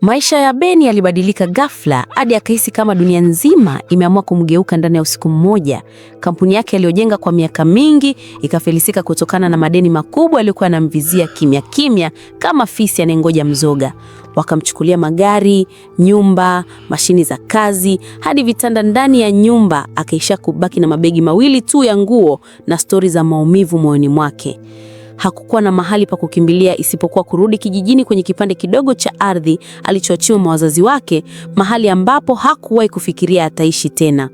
Maisha ya Beni yalibadilika ghafla hadi akahisi kama dunia nzima imeamua kumgeuka ndani ya usiku mmoja. Kampuni yake aliyojenga kwa miaka mingi ikafilisika kutokana na madeni makubwa aliyokuwa anamvizia kimya kimya kama fisi anayengoja mzoga. Wakamchukulia magari, nyumba, mashini za kazi hadi vitanda ndani ya nyumba, akaishia kubaki na mabegi mawili tu ya nguo na stori za maumivu moyoni mwake hakukuwa na mahali pa kukimbilia isipokuwa kurudi kijijini kwenye kipande kidogo cha ardhi alichoachiwa na wazazi wake, mahali ambapo hakuwahi kufikiria ataishi tena.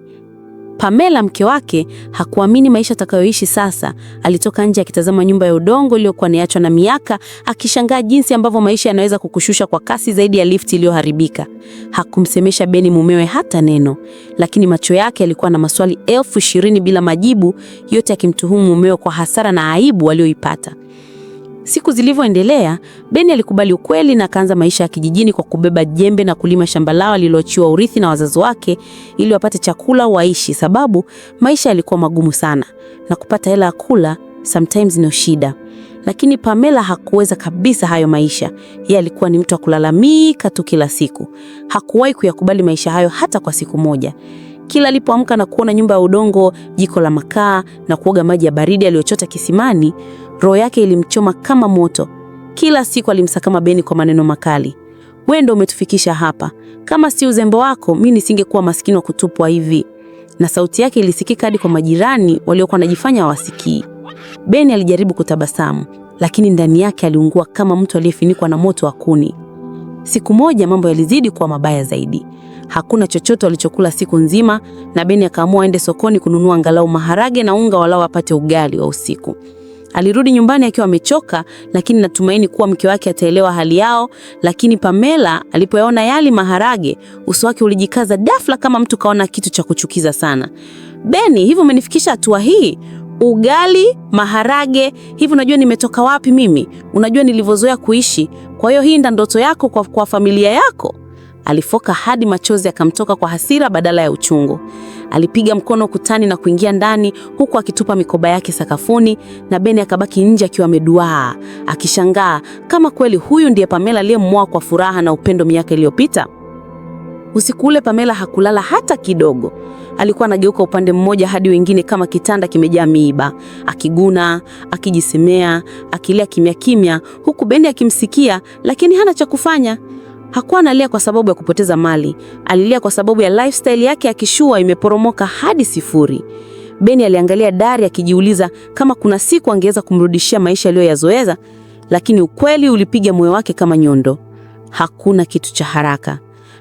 Pamela mke wake hakuamini maisha atakayoishi sasa. Alitoka nje akitazama nyumba ya udongo iliyokuwa niachwa na miaka, akishangaa jinsi ambavyo maisha yanaweza kukushusha kwa kasi zaidi ya lifti iliyoharibika. Hakumsemesha Beni mumewe hata neno, lakini macho yake yalikuwa na maswali elfu ishirini bila majibu, yote akimtuhumu mumewe kwa hasara na aibu aliyoipata. Siku zilivyoendelea, Beni alikubali ukweli na akaanza maisha ya kijijini kwa kubeba jembe na kulima shamba lao aliloachiwa urithi na wazazi wake ili wapate chakula waishi, sababu maisha yalikuwa magumu sana na kupata hela ya kula sometimes ni shida. Lakini Pamela hakuweza kabisa hayo maisha. Yeye alikuwa ni mtu wa kulalamika tu kila siku, hakuwahi kuyakubali maisha hayo hata kwa siku moja. Kila alipoamka na kuona nyumba ya udongo, jiko la makaa na kuoga maji ya baridi aliyochota kisimani, Roho yake ilimchoma kama moto. Kila siku alimsakama Beni kwa maneno makali. Wewe ndio umetufikisha hapa, kama si uzembo wako mimi nisingekuwa maskini wa kutupwa hivi. Na sauti yake ilisikika hadi kwa majirani waliokuwa wanajifanya hawasikii. Beni alijaribu kutabasamu, lakini ndani yake aliungua kama mtu aliyefunikwa na moto wa kuni. Siku moja mambo yalizidi kuwa mabaya zaidi. Hakuna chochote walichokula siku nzima, na Beni akaamua aende sokoni kununua angalau maharage na unga, walao apate ugali wa usiku. Alirudi nyumbani akiwa amechoka, lakini natumaini kuwa mke wake ataelewa hali yao. Lakini Pamela alipoyaona yali maharage, uso wake ulijikaza dafla kama mtu kaona kitu cha kuchukiza sana. Beni, hivi umenifikisha hatua hii? Ugali, maharage, hivi unajua nimetoka wapi mimi? Unajua nilivyozoea kuishi? Kwa hiyo hii nda ndoto yako kwa, kwa familia yako? Alifoka hadi machozi akamtoka kwa hasira badala ya uchungu. Alipiga mkono kutani na kuingia ndani huku akitupa mikoba yake sakafuni na Beni akabaki nje akiwa ameduaa, akishangaa kama kweli huyu ndiye Pamela aliyemwoa kwa furaha na upendo miaka iliyopita. Usiku ule Pamela hakulala hata kidogo. Alikuwa anageuka upande mmoja hadi wengine kama kitanda kimejaa miiba, akiguna, akijisemea, akilia kimya kimya, huku Beni akimsikia, lakini hana cha kufanya. Hakuwa analia kwa sababu ya kupoteza mali, alilia kwa sababu ya lifestyle yake ya kishua imeporomoka hadi sifuri. Beni aliangalia dari akijiuliza kama kuna siku angeweza kumrudishia maisha aliyoyazoeza, lakini ukweli ulipiga moyo wake kama nyondo. Hakuna kitu cha haraka.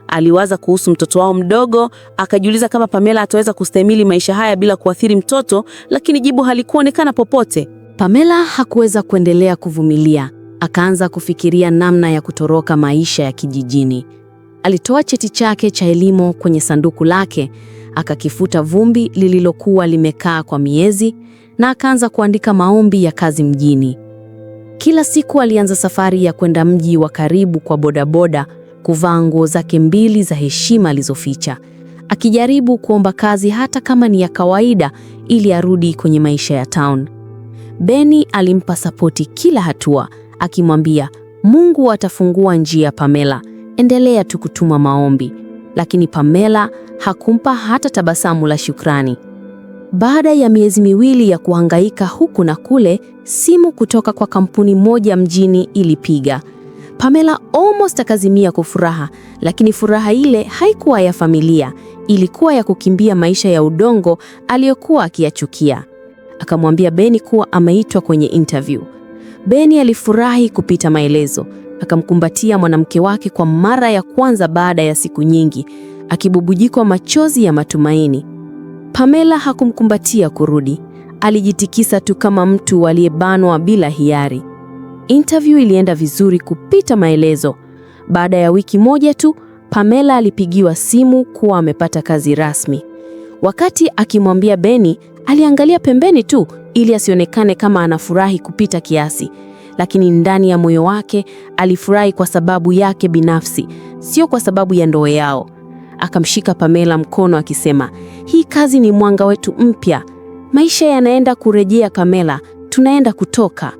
Aliwaza kuhusu mtoto wao mdogo, akajiuliza kama Pamela ataweza kustahimili maisha haya bila kuathiri mtoto, lakini jibu halikuonekana popote. Pamela hakuweza kuendelea kuvumilia akaanza kufikiria namna ya kutoroka maisha ya kijijini. Alitoa cheti chake cha elimu kwenye sanduku lake, akakifuta vumbi lililokuwa limekaa kwa miezi, na akaanza kuandika maombi ya kazi mjini. Kila siku alianza safari ya kwenda mji wa karibu kwa bodaboda, kuvaa nguo zake mbili za heshima alizoficha, akijaribu kuomba kazi hata kama ni ya kawaida, ili arudi kwenye maisha ya town. Beni alimpa sapoti kila hatua akimwambia Mungu atafungua njia. Pamela, endelea tu kutuma maombi. Lakini Pamela hakumpa hata tabasamu la shukrani. Baada ya miezi miwili ya kuhangaika huku na kule, simu kutoka kwa kampuni moja mjini ilipiga. Pamela almost akazimia kwa furaha, lakini furaha ile haikuwa ya familia, ilikuwa ya kukimbia maisha ya udongo aliyokuwa akiyachukia. Akamwambia Beni kuwa ameitwa kwenye interview. Beni alifurahi kupita maelezo, akamkumbatia mwanamke wake kwa mara ya kwanza baada ya siku nyingi, akibubujikwa machozi ya matumaini. Pamela hakumkumbatia kurudi, alijitikisa tu kama mtu aliyebanwa bila hiari. Interview ilienda vizuri kupita maelezo. Baada ya wiki moja tu, Pamela alipigiwa simu kuwa amepata kazi rasmi. Wakati akimwambia Beni, aliangalia pembeni tu ili asionekane kama anafurahi kupita kiasi, lakini ndani ya moyo wake alifurahi kwa sababu yake binafsi, sio kwa sababu ya ndoa yao. Akamshika Pamela mkono akisema, hii kazi ni mwanga wetu mpya, maisha yanaenda kurejea Pamela, tunaenda kutoka.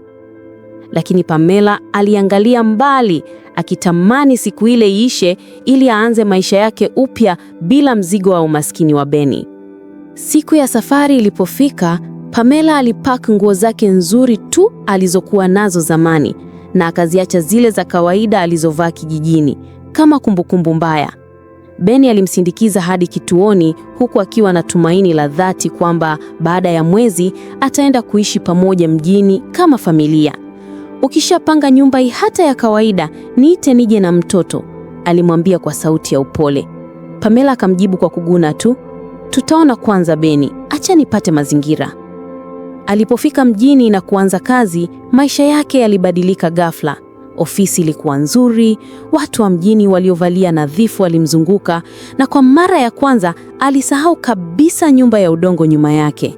Lakini Pamela aliangalia mbali akitamani siku ile iishe ili aanze maisha yake upya bila mzigo wa umaskini wa Beni. Siku ya safari ilipofika, Pamela alipaka nguo zake nzuri tu alizokuwa nazo zamani na akaziacha zile za kawaida alizovaa kijijini kama kumbukumbu mbaya. Beni alimsindikiza hadi kituoni huku akiwa na tumaini la dhati kwamba baada ya mwezi ataenda kuishi pamoja mjini kama familia. Ukishapanga nyumba hii hata ya kawaida, niite nije na mtoto, alimwambia kwa sauti ya upole. Pamela akamjibu kwa kuguna tu, Tutaona kwanza Beni, acha nipate mazingira. Alipofika mjini na kuanza kazi, maisha yake yalibadilika ghafla. Ofisi ilikuwa nzuri, watu wa mjini waliovalia nadhifu walimzunguka, na kwa mara ya kwanza alisahau kabisa nyumba ya udongo nyuma yake.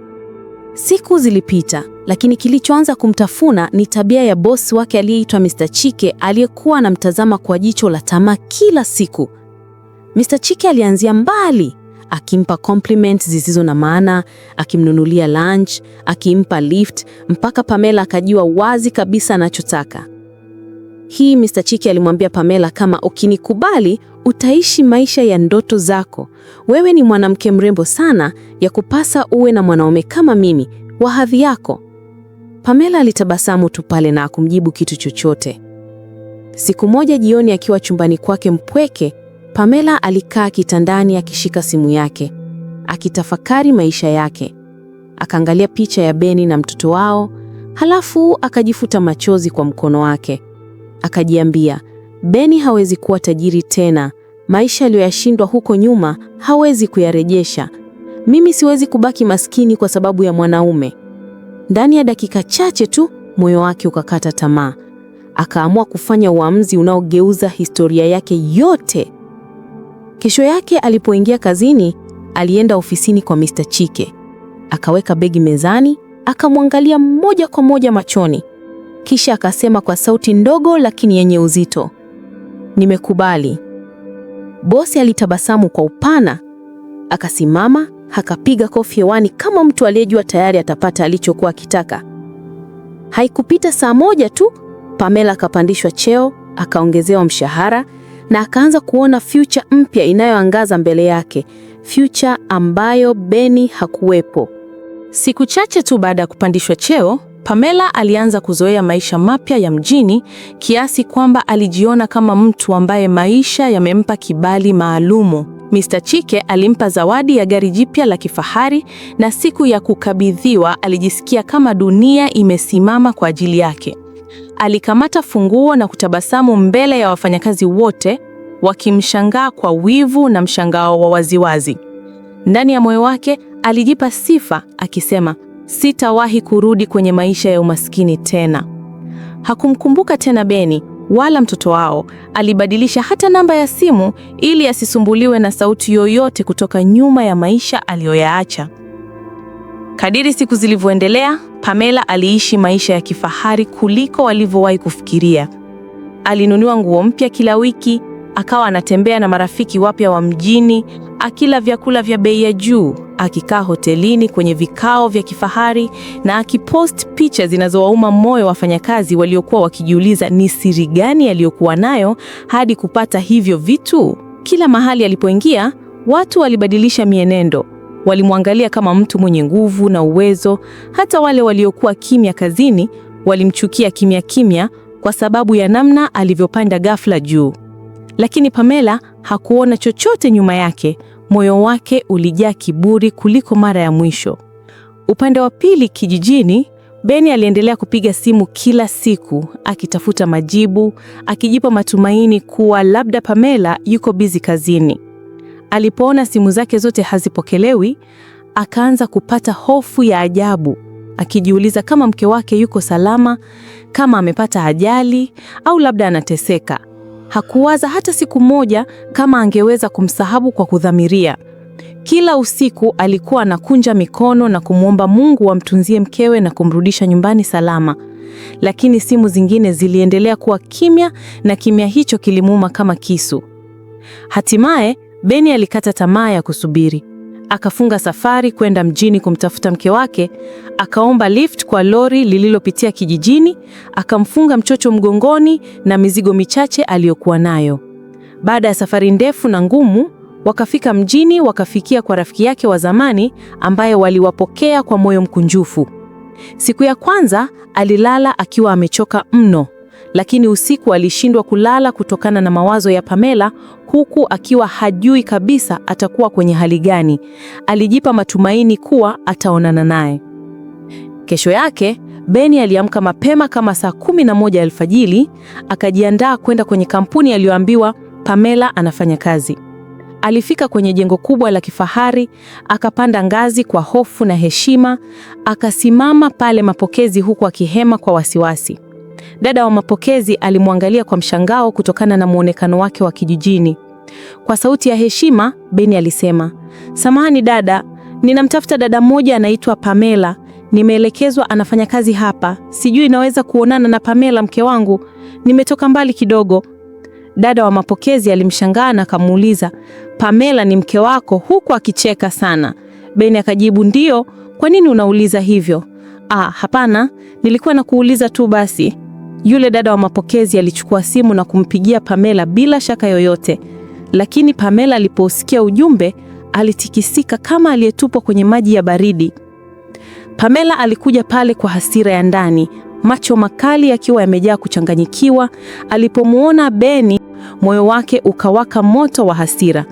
Siku zilipita, lakini kilichoanza kumtafuna ni tabia ya bosi wake aliyeitwa Mr. Chike aliyekuwa anamtazama kwa jicho la tamaa kila siku. Mr. Chike alianzia mbali, akimpa compliment zisizo na maana, akimnunulia lunch, akimpa lift, mpaka Pamela akajua wazi kabisa anachotaka. Hii Mr. Chiki alimwambia Pamela kama ukinikubali utaishi maisha ya ndoto zako. Wewe ni mwanamke mrembo sana, ya kupasa uwe na mwanaume kama mimi, wa hadhi yako. Pamela alitabasamu tu pale na akumjibu kitu chochote. Siku moja jioni, akiwa chumbani kwake mpweke Pamela alikaa kitandani akishika simu yake, akitafakari maisha yake. Akaangalia picha ya Beni na mtoto wao, halafu akajifuta machozi kwa mkono wake. Akajiambia, Beni hawezi kuwa tajiri tena. Maisha aliyoyashindwa huko nyuma hawezi kuyarejesha. Mimi siwezi kubaki maskini kwa sababu ya mwanaume. Ndani ya dakika chache tu moyo wake ukakata tamaa. Akaamua kufanya uamuzi unaogeuza historia yake yote. Kesho yake alipoingia kazini, alienda ofisini kwa Mr. Chike, akaweka begi mezani, akamwangalia moja kwa moja machoni, kisha akasema kwa sauti ndogo lakini yenye uzito, nimekubali. Bosi alitabasamu kwa upana, akasimama, akapiga kofi hewani kama mtu aliyejua tayari atapata alichokuwa akitaka. Haikupita saa moja tu, Pamela akapandishwa cheo, akaongezewa mshahara na akaanza kuona future mpya inayoangaza mbele yake, future ambayo Beni hakuwepo. Siku chache tu baada ya kupandishwa cheo, Pamela alianza kuzoea maisha mapya ya mjini kiasi kwamba alijiona kama mtu ambaye maisha yamempa kibali maalumu. Mr. Chike alimpa zawadi ya gari jipya la kifahari na siku ya kukabidhiwa alijisikia kama dunia imesimama kwa ajili yake. Alikamata funguo na kutabasamu mbele ya wafanyakazi wote, wakimshangaa kwa wivu na mshangao wa waziwazi. Ndani ya moyo wake alijipa sifa akisema, sitawahi kurudi kwenye maisha ya umaskini tena. Hakumkumbuka tena Beni wala mtoto wao. Alibadilisha hata namba ya simu ili asisumbuliwe na sauti yoyote kutoka nyuma ya maisha aliyoyaacha. Kadiri siku zilivyoendelea, Pamela aliishi maisha ya kifahari kuliko walivyowahi kufikiria. Alinunua nguo mpya kila wiki, akawa anatembea na marafiki wapya wa mjini, akila vyakula vya bei ya juu, akikaa hotelini kwenye vikao vya kifahari na akipost picha zinazowauma moyo wafanyakazi waliokuwa wakijiuliza ni siri gani aliyokuwa nayo hadi kupata hivyo vitu. Kila mahali alipoingia, watu walibadilisha mienendo. Walimwangalia kama mtu mwenye nguvu na uwezo. Hata wale waliokuwa kimya kazini walimchukia kimya kimya kwa sababu ya namna alivyopanda ghafla juu. Lakini Pamela hakuona chochote nyuma yake. Moyo wake ulijaa kiburi kuliko mara ya mwisho. Upande wa pili kijijini, Beni aliendelea kupiga simu kila siku akitafuta majibu, akijipa matumaini kuwa labda Pamela yuko bizi kazini. Alipoona simu zake zote hazipokelewi, akaanza kupata hofu ya ajabu, akijiuliza kama mke wake yuko salama, kama amepata ajali au labda anateseka. Hakuwaza hata siku moja kama angeweza kumsahabu kwa kudhamiria. Kila usiku alikuwa anakunja mikono na kumwomba Mungu amtunzie mkewe na kumrudisha nyumbani salama. Lakini simu zingine ziliendelea kuwa kimya na kimya hicho kilimuuma kama kisu. Hatimaye Beni alikata tamaa ya kusubiri, akafunga safari kwenda mjini kumtafuta mke wake. Akaomba lift kwa lori lililopitia kijijini, akamfunga mchocho mgongoni na mizigo michache aliyokuwa nayo. Baada ya safari ndefu na ngumu, wakafika mjini, wakafikia kwa rafiki yake wa zamani ambaye waliwapokea kwa moyo mkunjufu. Siku ya kwanza alilala akiwa amechoka mno, lakini usiku alishindwa kulala kutokana na mawazo ya Pamela, huku akiwa hajui kabisa atakuwa kwenye hali gani. Alijipa matumaini kuwa ataonana naye kesho yake. Beni aliamka mapema kama saa kumi na moja alfajili, akajiandaa kwenda kwenye kampuni aliyoambiwa Pamela anafanya kazi. Alifika kwenye jengo kubwa la kifahari, akapanda ngazi kwa hofu na heshima, akasimama pale mapokezi huku akihema kwa wasiwasi. Dada wa mapokezi alimwangalia kwa mshangao kutokana na muonekano wake wa kijijini. Kwa sauti ya heshima, Beni alisema, samahani dada, ninamtafuta dada mmoja anaitwa Pamela. Nimeelekezwa anafanya kazi hapa, sijui naweza kuonana na Pamela mke wangu? Nimetoka mbali kidogo. Dada wa mapokezi alimshangaa na akamuuliza, Pamela ni mke wako? Huku akicheka sana. Beni akajibu, ndiyo. Kwa nini unauliza hivyo? Ah, hapana, nilikuwa nakuuliza tu basi. Yule dada wa mapokezi alichukua simu na kumpigia Pamela bila shaka yoyote, lakini Pamela aliposikia ujumbe alitikisika kama aliyetupwa kwenye maji ya baridi. Pamela alikuja pale kwa hasira ya ndani, macho makali yakiwa yamejaa kuchanganyikiwa. Alipomwona Beni, moyo wake ukawaka moto wa hasira.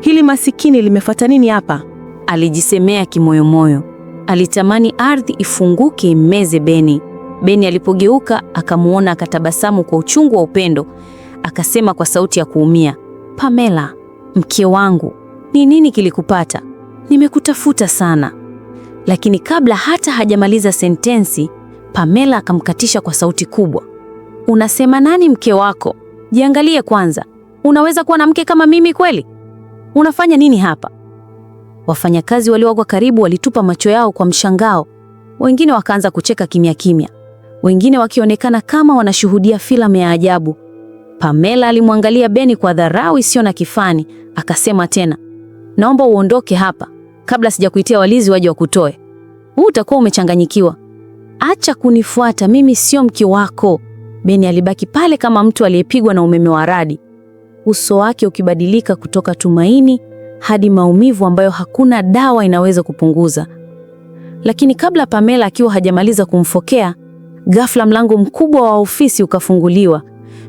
Hili masikini limefuata nini hapa? Alijisemea kimoyomoyo. Alitamani ardhi ifunguke imeze Beni. Beni alipogeuka akamuona, akatabasamu kwa uchungu wa upendo, akasema kwa sauti ya kuumia, Pamela, mke wangu, ni nini kilikupata? Nimekutafuta sana. Lakini kabla hata hajamaliza sentensi, Pamela akamkatisha kwa sauti kubwa, unasema nani mke wako? Jiangalie kwanza, unaweza kuwa na mke kama mimi kweli? Unafanya nini hapa? Wafanyakazi waliokuwa karibu walitupa macho yao kwa mshangao, wengine wakaanza kucheka kimya kimya wengine wakionekana kama wanashuhudia filamu ya ajabu. Pamela alimwangalia Beni kwa dharau isiyo na kifani, akasema tena, naomba uondoke hapa kabla sijakuitia walizi waje wakutoe. Huu utakuwa umechanganyikiwa. Acha kunifuata, mimi sio mke wako. Beni alibaki pale kama mtu aliyepigwa na umeme wa radi, uso wake ukibadilika kutoka tumaini hadi maumivu ambayo hakuna dawa inaweza kupunguza. Lakini kabla Pamela akiwa hajamaliza kumfokea, Ghafla mlango mkubwa wa ofisi ukafunguliwa.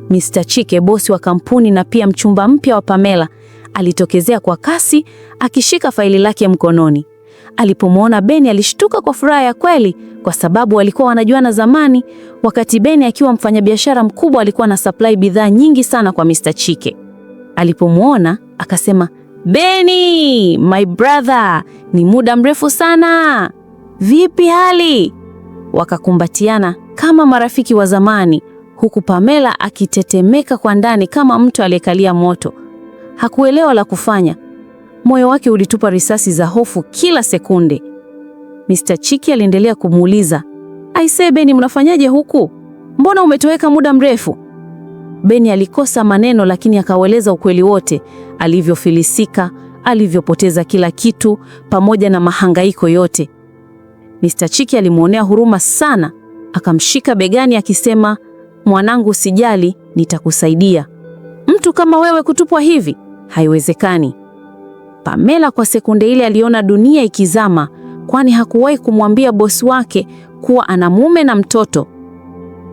Mr. Chike, bosi wa kampuni na pia mchumba mpya wa Pamela, alitokezea kwa kasi akishika faili lake mkononi. Alipomwona Beni alishtuka kwa furaha ya kweli, kwa sababu walikuwa wanajuana zamani. Wakati Beni akiwa mfanyabiashara mkubwa, alikuwa na supply bidhaa nyingi sana kwa Mr. Chike. Alipomwona akasema, Beni my brother, ni muda mrefu sana, vipi hali? Wakakumbatiana kama marafiki wa zamani, huku Pamela akitetemeka kwa ndani kama mtu aliyekalia moto. Hakuelewa la kufanya, moyo wake ulitupa risasi za hofu kila sekunde. Mr. Chiki aliendelea kumuuliza, aisee, Beni, mnafanyaje huku? Mbona umetoweka muda mrefu? Beni alikosa maneno, lakini akaueleza ukweli wote, alivyofilisika, alivyopoteza kila kitu, pamoja na mahangaiko yote. Mr. Chiki alimwonea huruma sana, akamshika begani akisema, mwanangu, usijali, nitakusaidia. Mtu kama wewe kutupwa hivi haiwezekani. Pamela kwa sekunde ile aliona dunia ikizama, kwani hakuwahi kumwambia bosi wake kuwa ana mume na mtoto.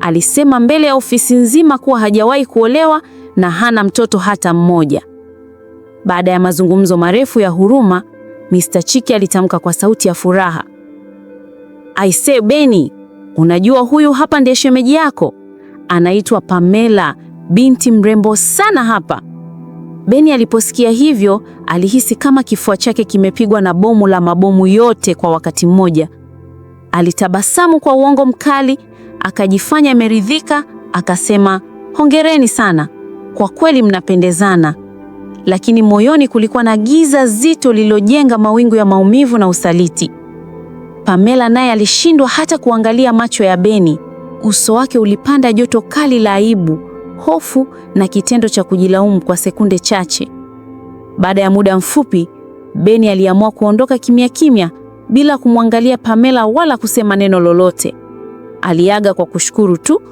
Alisema mbele ya ofisi nzima kuwa hajawahi kuolewa na hana mtoto hata mmoja. Baada ya mazungumzo marefu ya huruma, Mr. Chiki alitamka kwa sauti ya furaha, aise Beni, unajua huyu hapa ndiye shemeji yako, anaitwa Pamela, binti mrembo sana hapa. Beni aliposikia hivyo alihisi kama kifua chake kimepigwa na bomu la mabomu yote kwa wakati mmoja. Alitabasamu kwa uongo mkali, akajifanya ameridhika, akasema hongereni sana, kwa kweli mnapendezana. Lakini moyoni kulikuwa na giza zito lililojenga mawingu ya maumivu na usaliti. Pamela naye alishindwa hata kuangalia macho ya Beni. Uso wake ulipanda joto kali la aibu, hofu na kitendo cha kujilaumu kwa sekunde chache. Baada ya muda mfupi, Beni aliamua kuondoka kimya kimya bila kumwangalia Pamela wala kusema neno lolote. Aliaga kwa kushukuru tu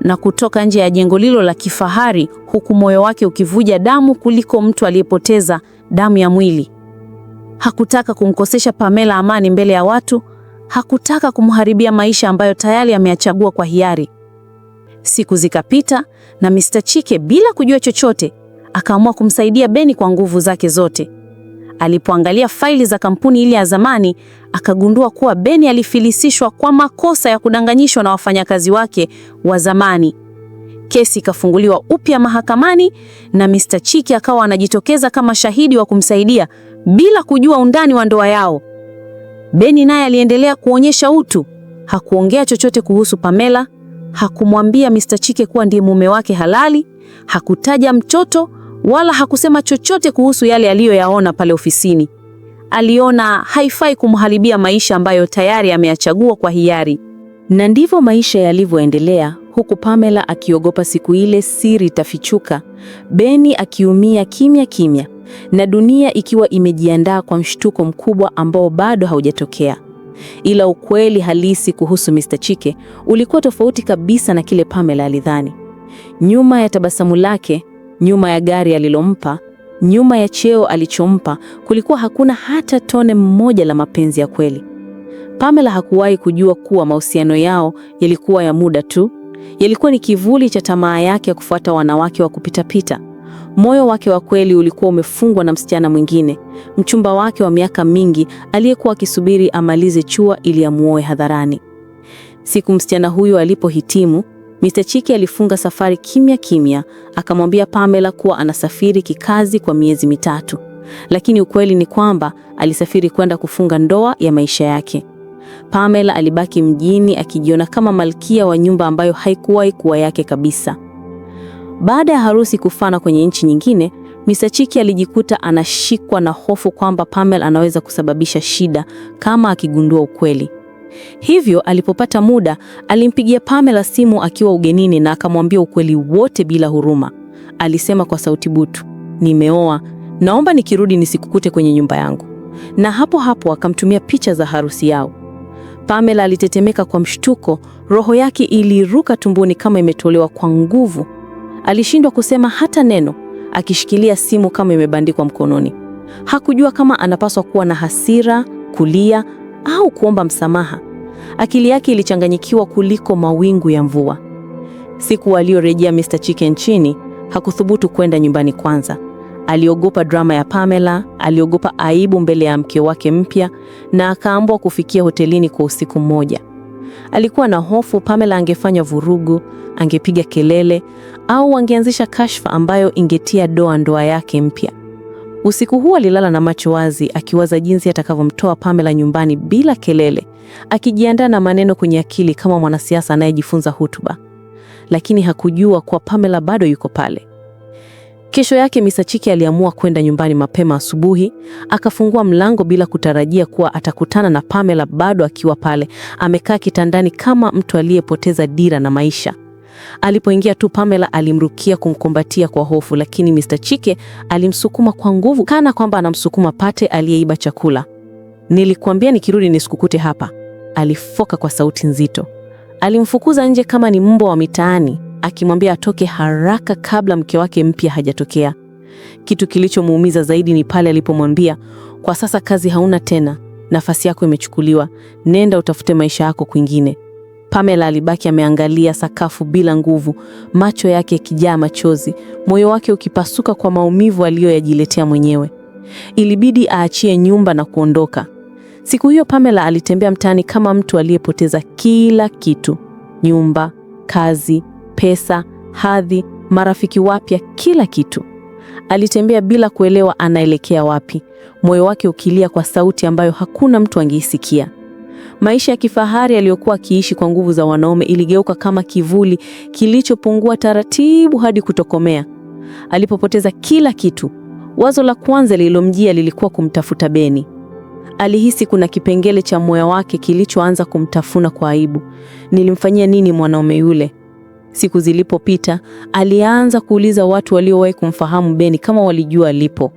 na kutoka nje ya jengo lilo la kifahari huku moyo wake ukivuja damu kuliko mtu aliyepoteza damu ya mwili. Hakutaka kumkosesha Pamela amani mbele ya watu Hakutaka kumharibia maisha ambayo tayari ameyachagua kwa hiari. Siku zikapita na Mr. Chike bila kujua chochote akaamua kumsaidia Beni kwa nguvu zake zote. Alipoangalia faili za kampuni ile ya zamani, akagundua kuwa Beni alifilisishwa kwa makosa ya kudanganyishwa na wafanyakazi wake wa zamani. Kesi ikafunguliwa upya mahakamani na Mr. Chike akawa anajitokeza kama shahidi wa kumsaidia bila kujua undani wa ndoa yao. Beni naye aliendelea kuonyesha utu. Hakuongea chochote kuhusu Pamela, hakumwambia Mr. Chike kuwa ndiye mume wake halali, hakutaja mtoto wala hakusema chochote kuhusu yale aliyoyaona pale ofisini. Aliona haifai kumharibia maisha ambayo tayari ameyachagua kwa hiari. Na ndivyo maisha yalivyoendelea, huku Pamela akiogopa siku ile siri itafichuka, Beni akiumia kimya kimya na dunia ikiwa imejiandaa kwa mshtuko mkubwa ambao bado haujatokea. Ila ukweli halisi kuhusu Mr. Chike ulikuwa tofauti kabisa na kile Pamela alidhani. Nyuma ya tabasamu lake, nyuma ya gari alilompa, nyuma ya cheo alichompa, kulikuwa hakuna hata tone mmoja la mapenzi ya kweli. Pamela hakuwahi kujua kuwa mahusiano yao yalikuwa ya muda tu, yalikuwa ni kivuli cha tamaa yake ya kufuata wanawake wa kupitapita. Moyo wake wa kweli ulikuwa umefungwa na msichana mwingine, mchumba wake wa miaka mingi aliyekuwa akisubiri amalize chua ili amuoe hadharani. Siku msichana huyo alipohitimu, Mr. Chiki alifunga safari kimya kimya, akamwambia Pamela kuwa anasafiri kikazi kwa miezi mitatu, lakini ukweli ni kwamba alisafiri kwenda kufunga ndoa ya maisha yake. Pamela alibaki mjini akijiona kama malkia wa nyumba ambayo haikuwahi kuwa yake kabisa. Baada ya harusi kufana kwenye nchi nyingine, Mr. Chiki alijikuta anashikwa na hofu kwamba Pamela anaweza kusababisha shida kama akigundua ukweli. Hivyo alipopata muda, alimpigia Pamela simu akiwa ugenini na akamwambia ukweli wote bila huruma. Alisema kwa sauti butu, nimeoa, naomba nikirudi nisikukute kwenye nyumba yangu. Na hapo hapo akamtumia picha za harusi yao. Pamela alitetemeka kwa mshtuko, roho yake iliruka tumboni kama imetolewa kwa nguvu. Alishindwa kusema hata neno, akishikilia simu kama imebandikwa mkononi. Hakujua kama anapaswa kuwa na hasira, kulia au kuomba msamaha. Akili yake ilichanganyikiwa kuliko mawingu ya mvua. Siku aliyorejea Mr. Chike nchini, hakuthubutu kwenda nyumbani kwanza. Aliogopa drama ya Pamela, aliogopa aibu mbele ya mke wake mpya, na akaambwa kufikia hotelini kwa usiku mmoja. Alikuwa na hofu Pamela angefanya vurugu, angepiga kelele au angeanzisha kashfa ambayo ingetia doa ndoa yake mpya. Usiku huu alilala na macho wazi, akiwaza jinsi atakavyomtoa Pamela nyumbani bila kelele, akijiandaa na maneno kwenye akili kama mwanasiasa anayejifunza hotuba. Lakini hakujua kuwa Pamela bado yuko pale, Kesho yake Misachiki aliamua kwenda nyumbani mapema asubuhi, akafungua mlango bila kutarajia kuwa atakutana na Pamela bado akiwa pale, amekaa kitandani kama mtu aliyepoteza dira na maisha. Alipoingia tu Pamela alimrukia kumkumbatia kwa hofu, lakini Mr. Chike alimsukuma kwa nguvu kana kwamba anamsukuma pate aliyeiba chakula. Nilikuambia nikirudi nisikukute hapa, alifoka kwa sauti nzito. Alimfukuza nje kama ni mbwa wa mitaani akimwambia atoke haraka kabla mke wake mpya hajatokea. Kitu kilichomuumiza zaidi ni pale alipomwambia, kwa sasa kazi hauna tena, nafasi yako imechukuliwa, nenda utafute maisha yako kwingine. Pamela alibaki ameangalia sakafu bila nguvu, macho yake yakijaa machozi, moyo wake ukipasuka kwa maumivu aliyoyajiletea mwenyewe. Ilibidi aachie nyumba na kuondoka. Siku hiyo Pamela alitembea mtaani kama mtu aliyepoteza kila kitu: nyumba, kazi, pesa, hadhi, marafiki wapya, kila kitu. Alitembea bila kuelewa anaelekea wapi, moyo wake ukilia kwa sauti ambayo hakuna mtu angeisikia. Maisha ya kifahari aliyokuwa akiishi kwa nguvu za wanaume iligeuka kama kivuli kilichopungua taratibu hadi kutokomea. Alipopoteza kila kitu, wazo la kwanza lililomjia lilikuwa kumtafuta Beni. Alihisi kuna kipengele cha moyo wake kilichoanza kumtafuna kwa aibu. Nilimfanyia nini mwanaume yule? Siku zilipopita, alianza kuuliza watu waliowahi kumfahamu Beni kama walijua alipo.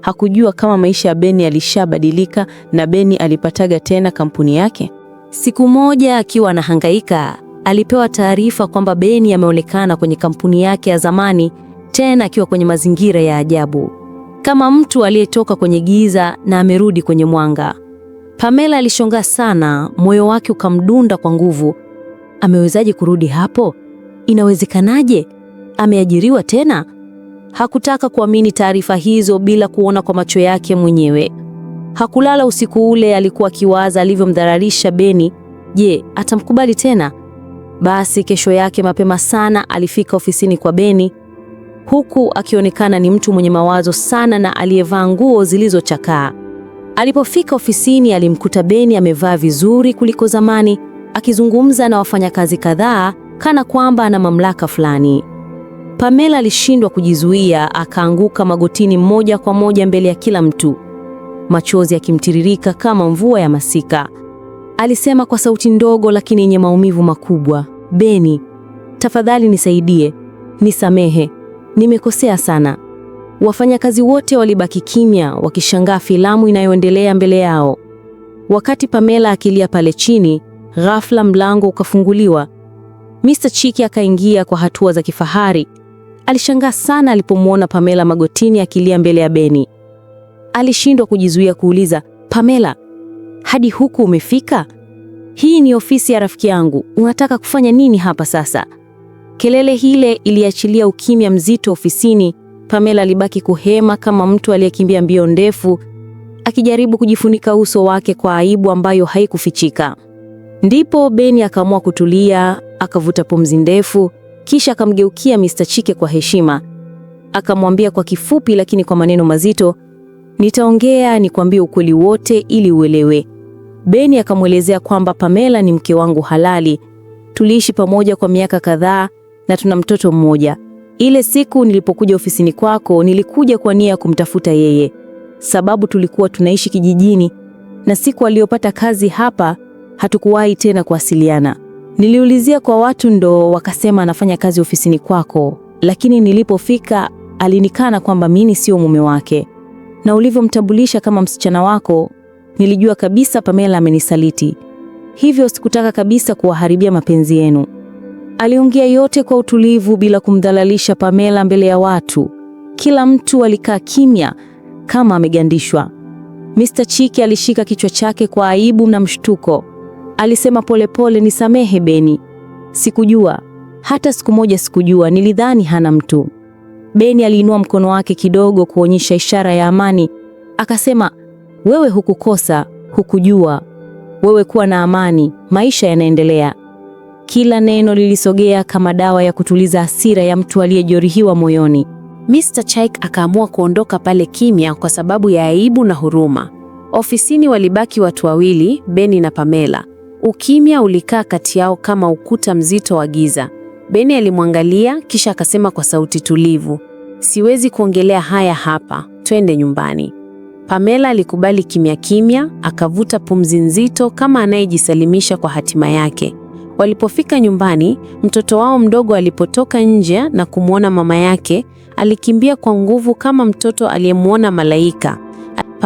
Hakujua kama maisha ya Beni yalishabadilika na Beni alipataga tena kampuni yake. Siku moja akiwa anahangaika, alipewa taarifa kwamba Beni ameonekana kwenye kampuni yake ya zamani, tena akiwa kwenye mazingira ya ajabu, kama mtu aliyetoka kwenye giza na amerudi kwenye mwanga. Pamela alishonga sana, moyo wake ukamdunda kwa nguvu. Amewezaje kurudi hapo? Inawezekanaje? Ameajiriwa tena? Hakutaka kuamini taarifa hizo bila kuona kwa macho yake mwenyewe. Hakulala usiku ule, alikuwa akiwaza alivyomdhararisha Beni. Je, atamkubali tena? Basi kesho yake mapema sana alifika ofisini kwa Beni, huku akionekana ni mtu mwenye mawazo sana na aliyevaa nguo zilizochakaa. Alipofika ofisini, alimkuta Beni amevaa vizuri kuliko zamani, akizungumza na wafanyakazi kadhaa kana kwamba ana mamlaka fulani. Pamela alishindwa kujizuia, akaanguka magotini moja kwa moja mbele ya kila mtu, machozi yakimtiririka kama mvua ya masika. Alisema kwa sauti ndogo lakini yenye maumivu makubwa, Beni, tafadhali nisaidie, nisamehe, nimekosea sana. Wafanyakazi wote walibaki kimya, wakishangaa filamu inayoendelea mbele yao. Wakati Pamela akilia pale chini, ghafla mlango ukafunguliwa Mr. Chiki akaingia kwa hatua za kifahari. Alishangaa sana alipomwona Pamela magotini akilia mbele ya Beni. Alishindwa kujizuia kuuliza, Pamela, hadi huku umefika? Hii ni ofisi ya rafiki yangu, unataka kufanya nini hapa sasa? Kelele hile iliachilia ukimya mzito ofisini. Pamela alibaki kuhema kama mtu aliyekimbia mbio ndefu, akijaribu kujifunika uso wake kwa aibu ambayo haikufichika. Ndipo Beni akaamua kutulia, Akavuta pumzi ndefu, kisha akamgeukia Mr. Chike kwa heshima, akamwambia kwa kifupi lakini kwa maneno mazito, nitaongea nikwambie ukweli wote ili uelewe. Beni akamwelezea kwamba Pamela ni mke wangu halali, tuliishi pamoja kwa miaka kadhaa na tuna mtoto mmoja. Ile siku nilipokuja ofisini kwako, nilikuja kwa nia ya kumtafuta yeye, sababu tulikuwa tunaishi kijijini na siku aliyopata kazi hapa hatukuwahi tena kuwasiliana. Niliulizia kwa watu ndo wakasema anafanya kazi ofisini kwako, lakini nilipofika alinikana kwamba mimi sio mume wake, na ulivyomtambulisha kama msichana wako nilijua kabisa Pamela amenisaliti, hivyo sikutaka kabisa kuwaharibia mapenzi yenu. Aliongea yote kwa utulivu bila kumdhalalisha Pamela mbele ya watu. Kila mtu alikaa kimya kama amegandishwa. Mr. chiki alishika kichwa chake kwa aibu na mshtuko alisema polepole. Nisamehe Beni, sikujua hata siku moja, sikujua, nilidhani hana mtu. Beni aliinua mkono wake kidogo kuonyesha ishara ya amani, akasema, wewe hukukosa, hukujua. Wewe kuwa na amani, maisha yanaendelea. Kila neno lilisogea kama dawa ya kutuliza hasira ya mtu aliyejeruhiwa moyoni. Mr. Chaik akaamua kuondoka pale kimya kwa sababu ya aibu na huruma. Ofisini walibaki watu wawili, Beni na Pamela. Ukimya ulikaa kati yao kama ukuta mzito wa giza. Beni alimwangalia kisha akasema kwa sauti tulivu, siwezi kuongelea haya hapa, twende nyumbani. Pamela alikubali kimya kimya, akavuta pumzi nzito kama anayejisalimisha kwa hatima yake. Walipofika nyumbani, mtoto wao mdogo alipotoka nje na kumwona mama yake, alikimbia kwa nguvu kama mtoto aliyemwona malaika.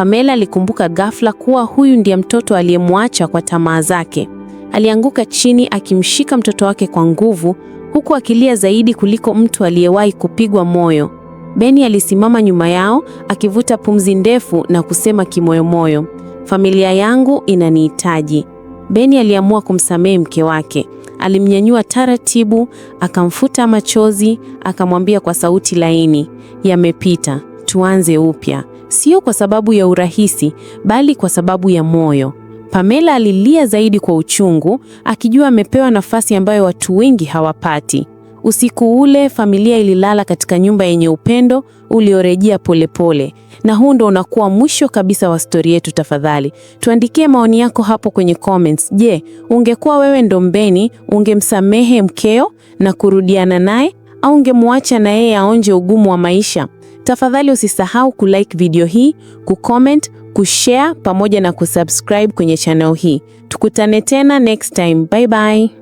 Pamela alikumbuka ghafla kuwa huyu ndiye mtoto aliyemwacha kwa tamaa zake. Alianguka chini akimshika mtoto wake kwa nguvu, huku akilia zaidi kuliko mtu aliyewahi kupigwa moyo. Beni alisimama nyuma yao akivuta pumzi ndefu na kusema kimoyomoyo, familia yangu inanihitaji. Beni aliamua kumsamehe mke wake. Alimnyanyua taratibu, akamfuta machozi, akamwambia kwa sauti laini, yamepita, tuanze upya sio kwa sababu ya urahisi, bali kwa sababu ya moyo. Pamela alilia zaidi kwa uchungu, akijua amepewa nafasi ambayo watu wengi hawapati. Usiku ule familia ililala katika nyumba yenye upendo uliorejea polepole. Na huu ndo unakuwa mwisho kabisa wa stori yetu. Tafadhali tuandikie maoni yako hapo kwenye comments. Je, ungekuwa wewe ndo mbeni, ungemsamehe mkeo na kurudiana naye au ungemwacha na yeye aonje ugumu wa maisha? Tafadhali usisahau kulike video hii, kucomment, kushare pamoja na kusubscribe kwenye channel hii. Tukutane tena next time. Bye bye.